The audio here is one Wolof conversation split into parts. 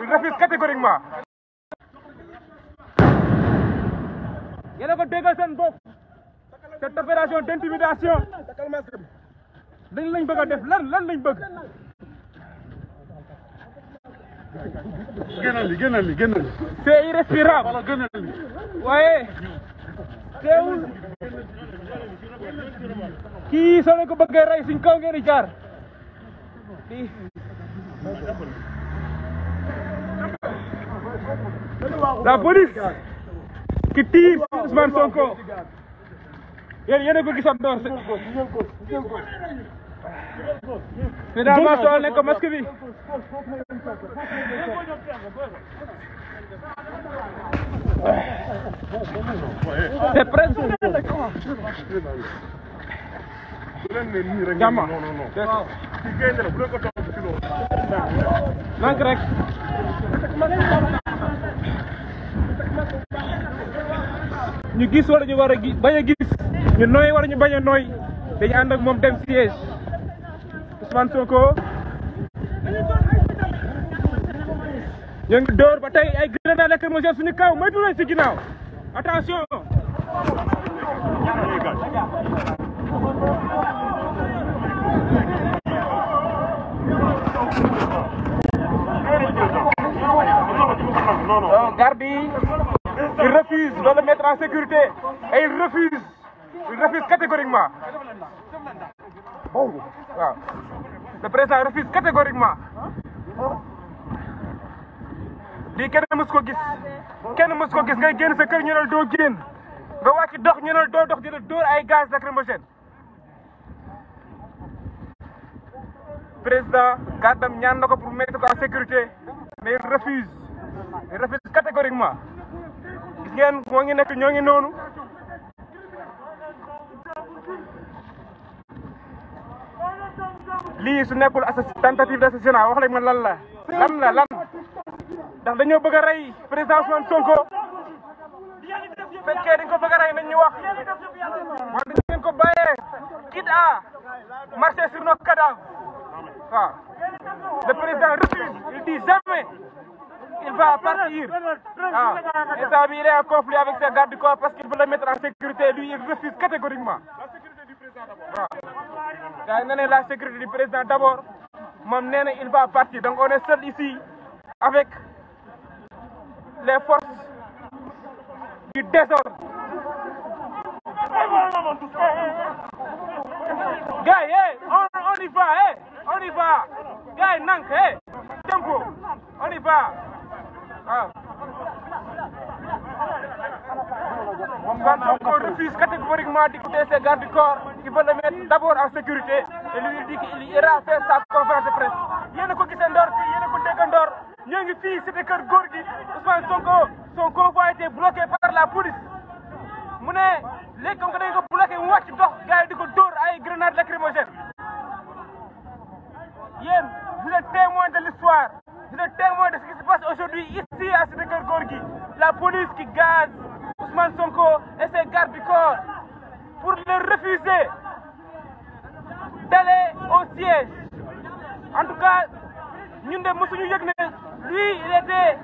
il refuse catégoriquement. yéen a ko déggal seen bopp. cette opération d'intimidation. dañ lañ bëgg a def lan lan lañ bëgg. génnal li génnal li génnal li. wala génnal li. waaye. teewul. kii soo ko bëggee rey siñ kaw ngeen di jaar. la police qui tire Ousmane Sonko yéen yéen a ko gisoon door finalement soxal nañ ko masque bi c'est presque jàmma manque ñu gis wala ñu war a bañ a gis ñu nooy wala ñu bañ a nooy dañu ànd ak moom dem siège Ousmane Sonko ñu ngi ba tey ay grenade lacrymogène suñu kaw moytu leen si ginnaaw attention garde yi Il refuse de le mettre en sécurité et il refuse, il refuse catégoriquement. Le président refuse catégoriquement. lii kenn mës ko gis kenn mës ko gis ngay génn sa kër ñu ne doo génn nga wàcc dox ñu ne doo dox di la dóor ay gaz lacrymogène président gàddam ñaan na ko pour mettre ko en sécurité mais il ngeen moo ngi nekk ñoo ngi noonu lii su nekkul assassin tentative d'assassinat wax la ma lan la lan la lan ndax dañoo bëgg a rey président Ousmane Sonko fekkee dañ ko bëgg a rey nañ ñu wax wax dañ ngeen ko bàyyee quitte à marcher sur nos cadavres waaw le doit partir. Ah. Et ça, il est en conflit avec ses gardes du corps parce qu'il veut le mettre en sécurité. Lui, il refuse catégoriquement. La sécurité du président d'abord. Ah. La sécurité du président d'abord. on est seul ici avec les forces du désordre. Gars, hey, on, on, y va, hey, on y va. Gars, Nank, hey, Django, on y va. Quand on refuse catégoriquement d'écouter ses gardes du corps, il faut le mettre d'abord en sécurité et lui dit qu'il ira faire sa conférence de presse. Yéen a ko gisandoor fii yéen a ko déggandoor ñoo ngi fii c'était kër góor gi Ousmane Sonko son convoi était bloqué la police mu ne léegi comme que dañ ko bloqué di ko dóor ay grenades lacrymogènes yéen vous êtes témoins de l'histoire Vous êtes témoin de ce qui se passe aujourd'hui ici à Sénégal Gorgui. La police qui gaze Ousmane Sonko et ses gardes du corps pour le refuser d'aller au siège. En tout cas, ñun de mësuñu ne lui il était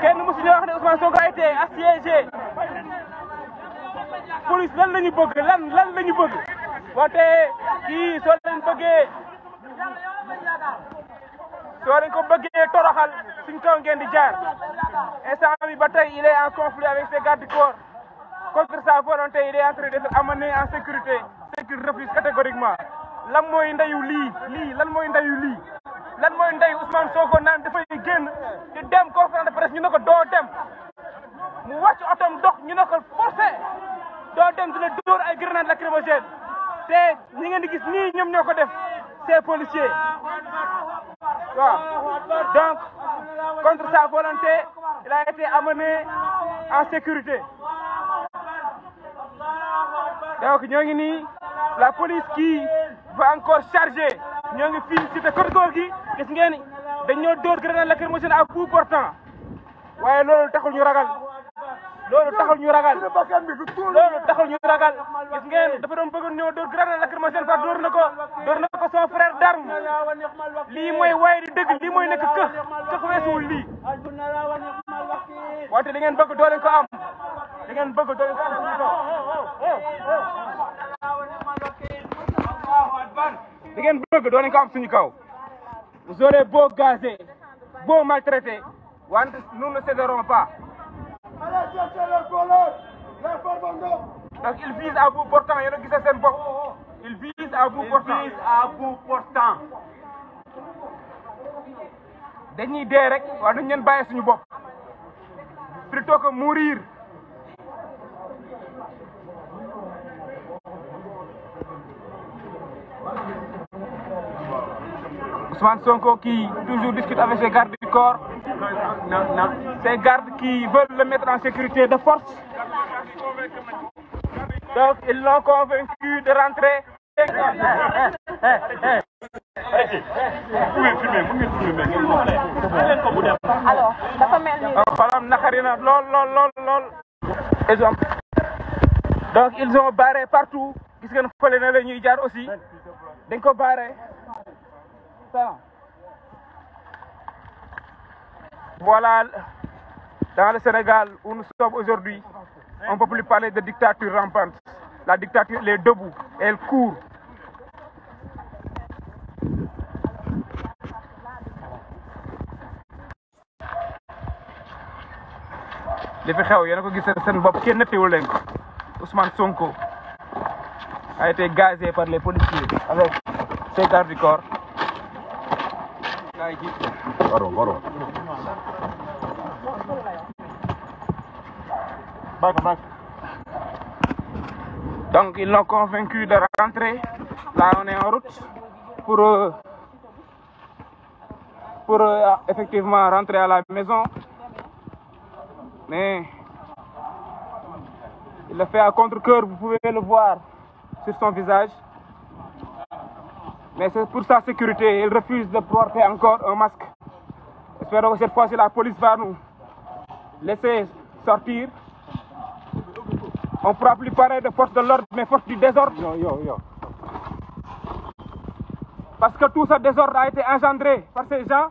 kenn mësuñu wax ne Ousmane Sonko a été assiégé. lan la ñu bëgg lan lan la ñu voté kii soo leen bëggee soo leen ko bëggee toroxal suñ kaw ngeen di jaar instant bi ba te il est en conflit avec ses gardes corps contre sa volonté il est en train d'être amené en sécurité ce qu'il refuse catégoriquement lan mooy ndeyu lii lii lan mooy ndeyu lii lan mooy ndeyu Ousmane Sonko naan dafay génn di dem conférence de presse ñu ko doo dem mu wàcc otom dox ñu ne ko forcé doo dem la dóor ay grenade lacrymogène te ñi ngeen di gis nii ñoom ñoo ko def ces policiers waaw donc contre sa volonté il a été en sécurité donc ñoo ngi nii la police qui va encore charger ñoo ngi fii cité Keur Gorgui gis ngeen dañoo dóor la lacrymogène à bout portant waaye lool taxul ñu ragal loolu taxul ñu ragal loolu taxul ñu ragal gis ngeen dafa doon bëggoon ñëw dóor grenade lacrymogène far dóor na ko dóor na ko mooy waaye di dëgg lii mooy nekk këx këx weesuwul lii wante li ngeen bëgg doo leen ko am li ngeen bëgg doo leen ko am li ngeen bëgg doo leen am suñu kaw vous aurez beau gazé beau maltraité wante nous ne céderons allez chercher les voleurs les farbangom donc il vise à bout portant yéen a seen bopp il vise à bout portant il vise à bout portant dañuy dee rek war nañ leen bàyyi suñu bopp plutôt que mourir Ousmane Sonko qui toujours discute avec ses Ces gardes qui veulent mettre en sécurité de force. Donc, ils l'ont convaincu de rentrer. Alors, dafa mel ni. Maanaam naqari na lool lool lool lool. Donc, ils ont barré partout. Gis ngeen fële na la ñuy jaar aussi. Dañ ko barré. Voilà, dans le Sénégal où nous sommes aujourd'hui, on ne peut de dictature rampante. La dictature, elle est debout, elle court. li fi xew yéen a ko gis seen bopp kenn nettiwul leen ko Ousmane Sonko a été gazé par les policiers avec ses gardes du Donc ils l'ont convaincu de rentrer. Là, on est en route pour, euh, pour euh, effectivement rentrer à la maison. Mais il le fait à contre-cœur, vous pouvez le voir sur son visage. Mais c'est pour sa sécurité, il refuse de porter encore un masque. Espérons que la police va nous laisser sortir. On ne pourra plus de force de l'ordre, mais force du désordre. Yo, yo, yo. Parce que tout a été engendré par ces gens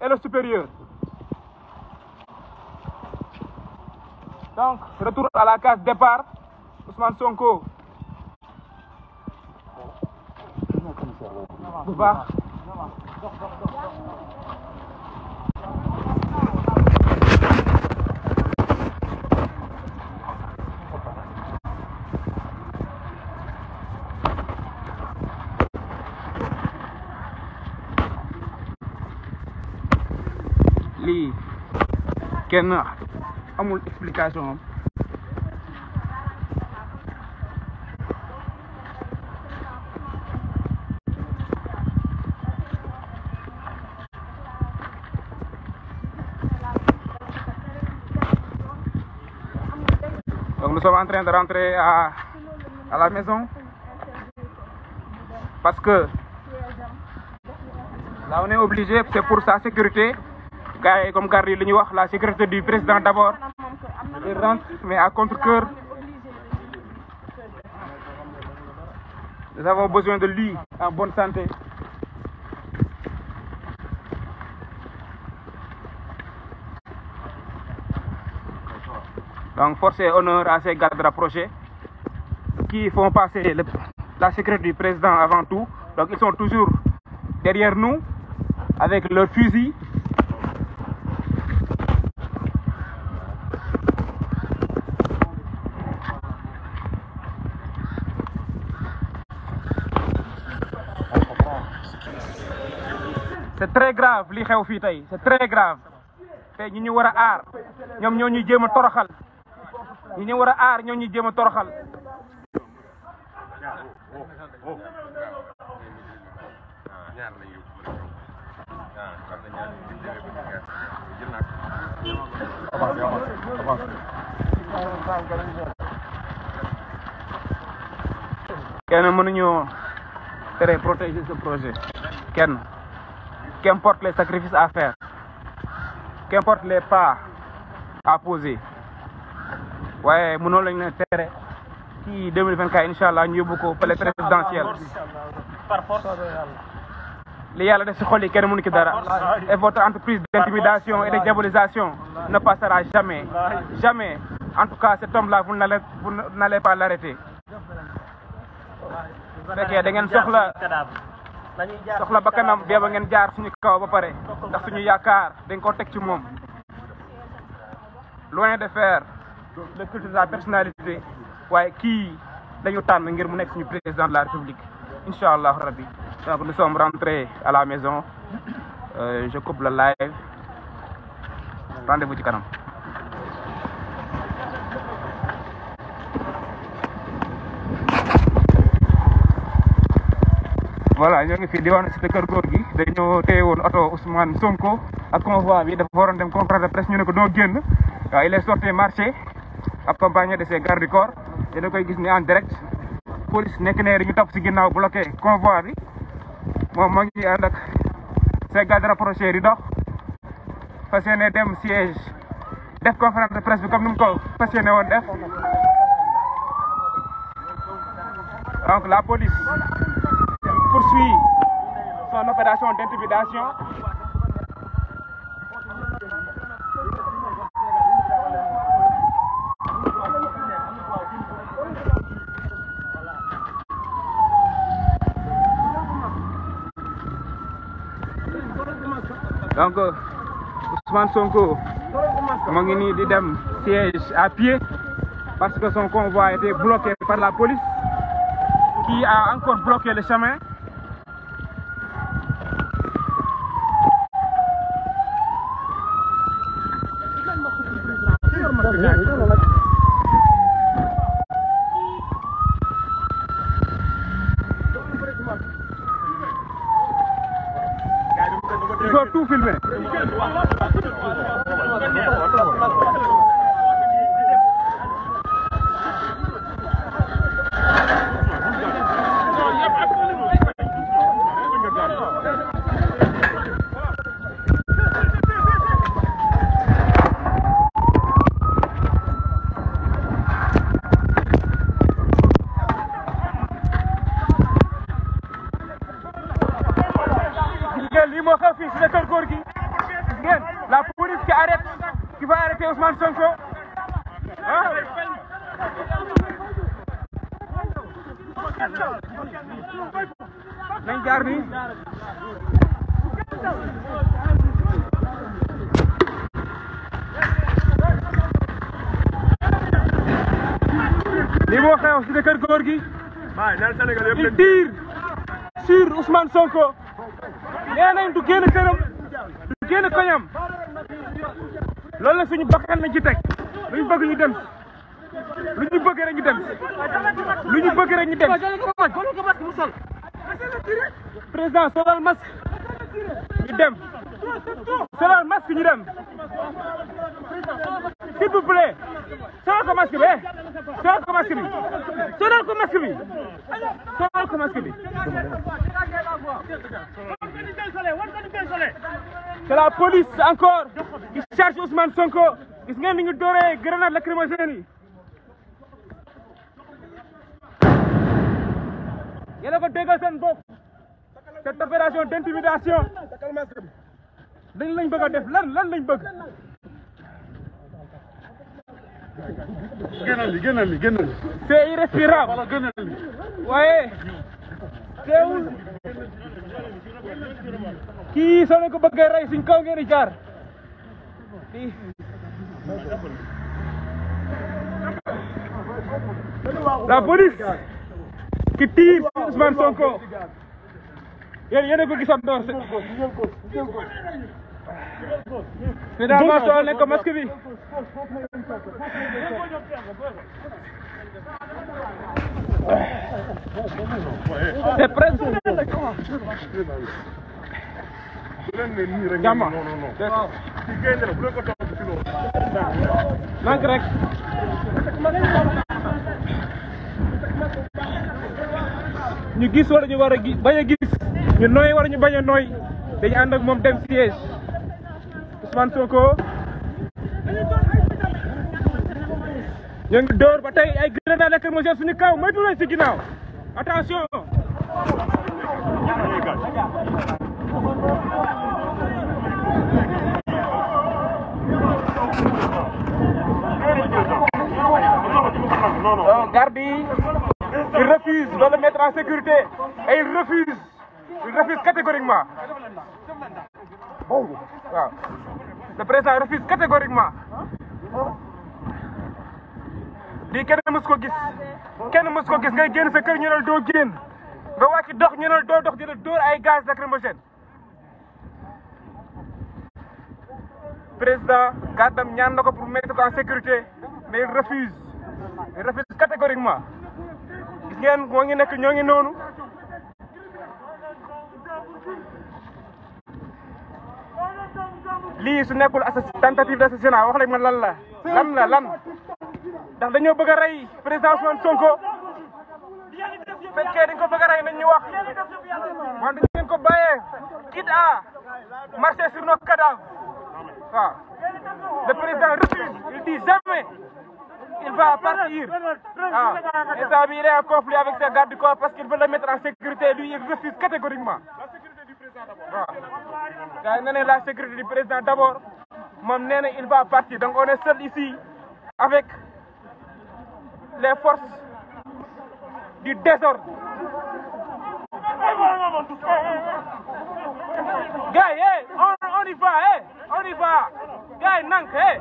et le supérieur. Donc, retour à la case départ, Ousmane Sonko. kenn amul explication am Donc nous sommes en train de rentrer à, à la maison parce que là on est obligé, c'est pour sa sécurité. gars yi comme garde yi li ñuy wax la sécurité du président d'abord il rentre mais à contre-cœur nous avons besoin de lui en bonne santé donc force et honneur à ces gardes rapprochés qui font passer le, la sécurité du président avant tout donc ils sont toujours derrière nous avec leurs fusils c'est très grave li xew fii tay c'est très grave te ñi ñu war a aar ñoom ñoo ñu jéem a toroxal ñi ñu war a aar ñoo ñu jéem a toroxal. kenn mënuñu tere protéger ce projet kenn. qu'importe les sacrifices à faire, qu'importe les pas à poser waaye mënoo lañ ne tere ci 2024 incha allah ñu yóbbu ko palais présidentiel par force li yàlla def si xol yi kenn mënu ci dara et votre entreprise d'intimidation et de diabolisation ne passera jamais jamais en tout cas cet homme là vous n'allez vous n'allez pas l'arrêter fekkee da ngeen soxla soxla ba kanam de ba ngeen jaar suñu kaw ba pare ndax suñu yaakaar dañ koo teg ci moom loin de faire le culte de la personnalité waaye kii dañu tànn ngir mu nekk suñu président de la république incha allahu rabbi donc nous sommes rentrés à la maison euh, je coupe le live rendez-vous ci kanam voilà ñoo ngi di diwaanu cité kër góor gi dañoo téye woon oto Ousmane Sonko ak convoi bi dafa waroon dem conférence de presse ñu ne ko doo génn waaw il est sorti marché accompagné de ses gardes du corps koy gis ni en direct police nekk neeri ñu topp si ginnaaw bloqué convoi bi moom moo ngi ànd ak ses gardes rapprochés di dox fas yéene dem siège def conférence de presse bi comme ni mu ko fas yéene woon def donc la police poursuit son opération d'intimidation. donc Ousmane Sonko mu ngi nii di dem siège à pied parce que son convoi était bloqué par la police qui a encore bloqué le chemin. Il doit tout filmer. li moo xew si kër góor gi. il tire sur Ousmane Sonko. nee nañ du génn këram du génn koñam. loolu la suñu bakkan lañ ci teg lu ñu bëgg ñu dem lu ñu bëgg rek ñu dem lu ñu bëgg rek ñu dem président solal masque ñu dem solal masque ñu dem s'il vous plaît solal ko masque bi eh solal ko masque bi solal ko ko masque bi c'est la police encore qui charge Ousmane Sonko gis ngeen ni ñu dooree grenade lacrymogène yi ko déggal seen bopp cette opération d'intimidation dañ lañ bëgg a def lan lan lañ bëgg. génnal li génnal li génnal li. c'est irrespirable. waaye kii soo leen ko bëggee rey kaw ngeen di la police qui tire Ousmane yéen yéen a ko gisandoor finalement soxla nañ gis wala ñu war a gis bañ gis ñu nooy wala ñu bañ a nooy dañu ànd ak moom dem siège Ousmane Sonko ñu ngi ba tey ay grenade lacrymogène suñu kaw moytu leen si ginnaaw attention euh, garde yi ils refusent de le mettre en sécurité et ils refusent refuse catégoriquement. waaw le président refuse catégoriquement. lii kenn mës ko gis kenn mës ko gis ngay génn sa kër ñu ne doo génn nga wàcc dox ñu ne doo dox di la dóor ay gaz lacrymogène. président gàddam ñaan na ko pour mettre ko en sécurité mais il refuse il refuse catégoriquement gis ngeen moo ngi nekk ñoo ngi noonu. lii su nekkul tentative d'assassinat wax leen ma lan la lan la lan ndax dañoo bëgg a rey président son Sonko fekkee dañ ko bëgg a rey nañ ñu wax man dañu leen ko bàyyee quitte à marcher sur nos cadavres waaw le président refuse il dit jamais il va partir ah instant bi il est en conflit avec ses gardes du corps parce qu'il en sécurité lui il refuse catégoriquement waaw gars la sécurité du président d' abord moom nee na il va partir donc on est seul ici avec les forces du désordre gars on on y va eh on y va gars nank eh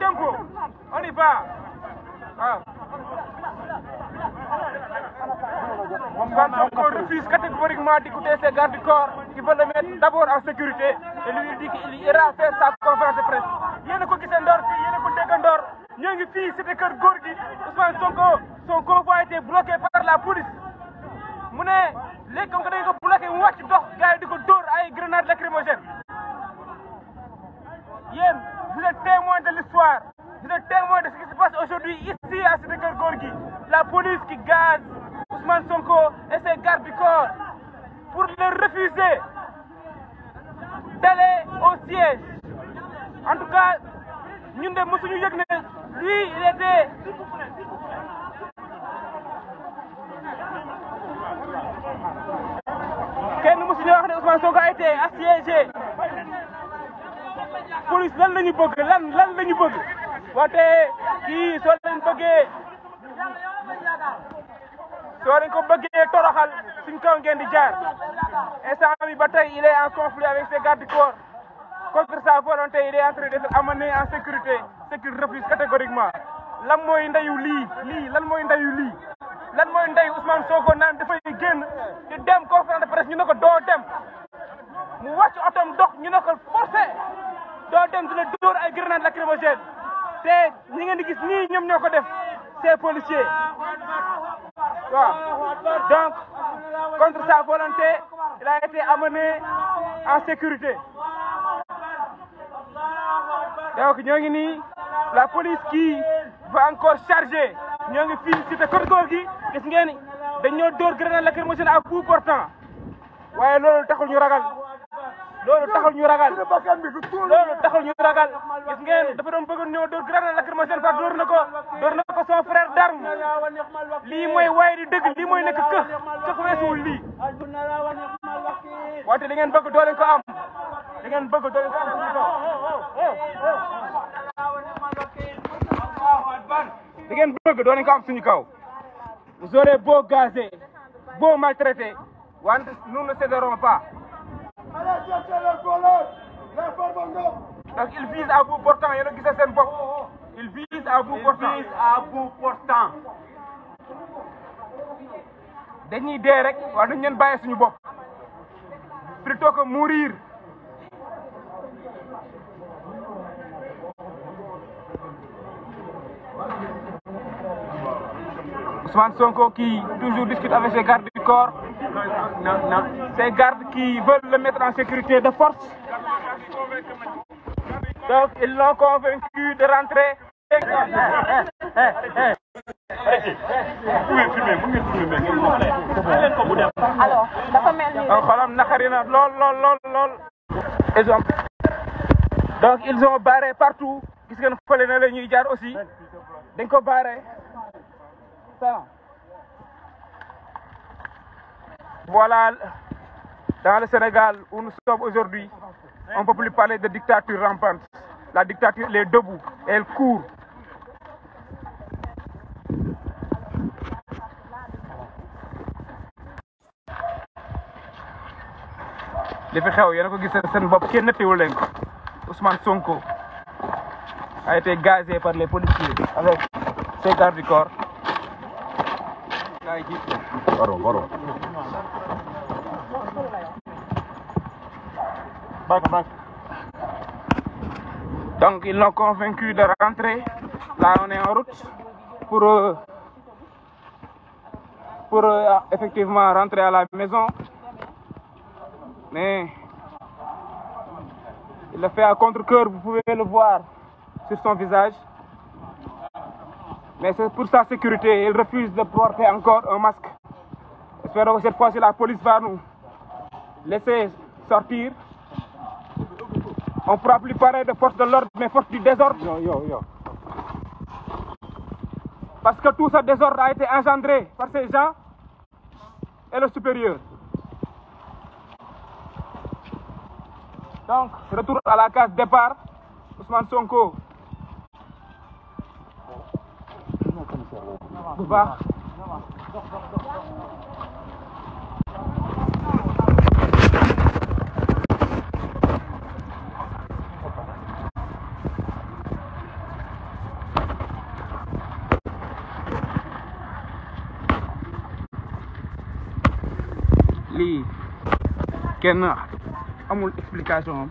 tempo on y va Ousmane Sonko refuse di d'écouter ses gardes du corps qui veulent le mettre d'abord en sécurité et lui dit qu'il ira faire sa conférence de presse. yéen a ko gisee Ndor fii yéen a ko dégg Ndor ñoo ngi fii c'était kër góor gi Ousmane Sonko son convoi a été bloqué par la police mu ne léegi comme que dañu ko bloqué mu di ko dóor ay grenades lacrymogènes yéen vous êtes témoins de l'histoire Vous êtes témoin de ce qui se passe aujourd'hui ici à Sénégal La police qui gaze Ousmane Sonko et ses gardes du corps pour le refuser d'aller au siège. En tout cas, ñun de ne lui il kenn mësuñu wax ne Ousmane Sonko a été assiégé. Police lan la ñu wante kii soo leen bëggee soo leen ko bëggee toroxal suñ kaw ngeen di jaar instant bi ba te il est en conflit avec ses gardes corps contre sa volonté il est en train d'être amené en sécurité ce qu'il refuse catégoriquement lan mooy ndeyu lii lii lan mooy ndeyu lii lan mooy ndeyu Ousmane Sonko naan dafay génn di dem conférence de presse ñu ne ko doo dem mu wàcc otom dox ñu ne ko forcé doo dem di la dóor ay grenade lacrymogène te ñi ngeen di gis nii ñoom ñoo ko def ces policiers waaw donc contre sa volonté il a été amené en sécurité donc ñoo ngi nii la police qui va encore charger ñoo ngi fii cité Keur Gorgui gis ngeen gi dóor grenade lacrymogène à bout portant waaye lool taxul ñu ragal loolu taxul ñu ragal loolu taxul ñu ragal gis ngeen dafa doon bëgg a ñëw dóor grenade lacrymogène fa dóor na ko dóor na ko son frère Darou lii mooy waaye di dëgg lii mooy nekk këx këx weesuwul lii wante li ngeen bëgg doo leen ko li ngeen bëgg doo leen ko am li ngeen bëgg doo leen ko am suñu kaw vous aurez beau gazé beau maltraité wante nous ne céderons pas donc il vise à bout portant yéen a gisee seen bopp oh, oh, oh. il vise à bout portant à bout portant. dañuy dee rek wala nañ leen bàyyi suñu bopp. plutôt que mourir. Ousmane Sonko qui toujours discute avec ses gardes du corps. Ces gardes qui veulent le mettre en sécurité de force. Donc ils l'ont convaincu de rentrer. Alors dafa mel ni. xolam naqari na lool lool lool lool. ils ont donc ils ont barré partout gis ngeen fële na la ñuy jaar aussi dañ ko barré ça. Voilà, dans le Sénégal où nous aujourd'hui, on peut plus parler de dictature rampante. La dictature, elle est debout, elle court. li fi xew yéen a ko gis seen bopp kenn nettiwul ko a été gazé par les policiers avec ses gardes Donc ils l'ont convaincu de rentrer. Là on est en route pour, euh, pour euh, effectivement rentrer à la maison. Mais il le fait à contre-cœur, vous pouvez le voir sur son visage. Mais c'est pour sa sécurité, il refuse de porter encore un masque. Espérons que cette fois-ci la police va nous laisser sortir. On pourra plus parler de force de l'ordre, mais force du désordre. Parce que tout ce désordre a été engendré par ces gens et le supérieur. Donc, retour à la case départ, Ousmane Sonko. lii kenn amul explication am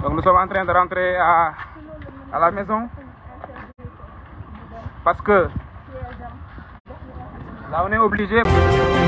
donc nous sommes en train de rentrer à à la maison parce que là on